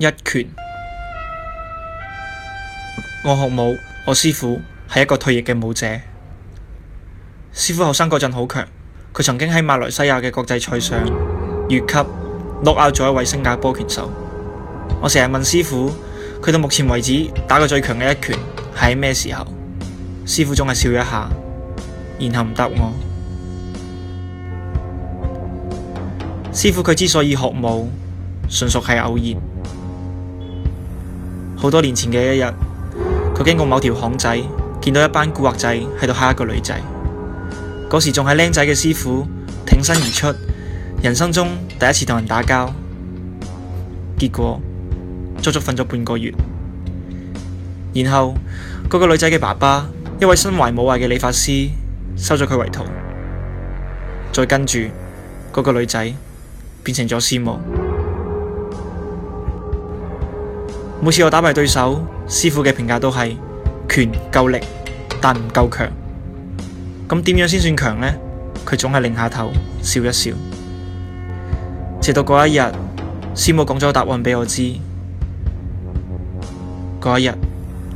一拳，我學武，我師傅係一個退役嘅武者。師傅後生嗰陣好強，佢曾經喺馬來西亞嘅國際賽上，越級落拗咗一位新加坡拳手。我成日問師傅，佢到目前為止打過最強嘅一拳係喺咩時候？師傅總係笑一下，然後唔答我。師傅，佢之所以學武，純屬係偶然。好多年前嘅一日，佢經過某條巷仔，見到一班古惑仔喺度蝦一個女仔。嗰時仲係僆仔嘅師傅挺身而出，人生中第一次同人打交。結果足足瞓咗半個月，然後嗰個女仔嘅爸爸，一位身懷武藝嘅理髮師，收咗佢為徒，再跟住嗰個女仔變成咗師母。每次我打敗對手，師傅嘅評價都係拳夠力，但唔夠強。咁點樣先算強呢？佢總係擰下頭笑一笑。直到嗰一日，師母講咗答案俾我知。嗰一日，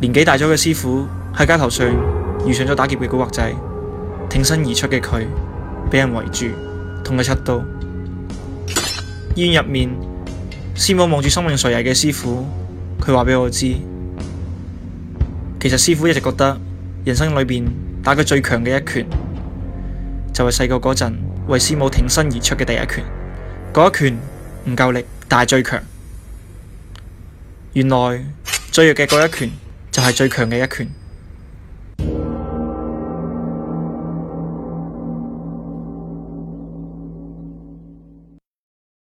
年紀大咗嘅師傅喺街頭上遇上咗打劫嘅古惑仔，挺身而出嘅佢俾人圍住，捅咗七刀。醫院入面，師母望住生命垂危嘅師傅。」佢話畀我知，其實師傅一直覺得人生裏面打佢最強嘅一拳，就係細個嗰陣為師母挺身而出嘅第一拳。嗰一拳唔夠力，但係最強。原來最弱嘅嗰一拳，就係最強嘅一拳。就是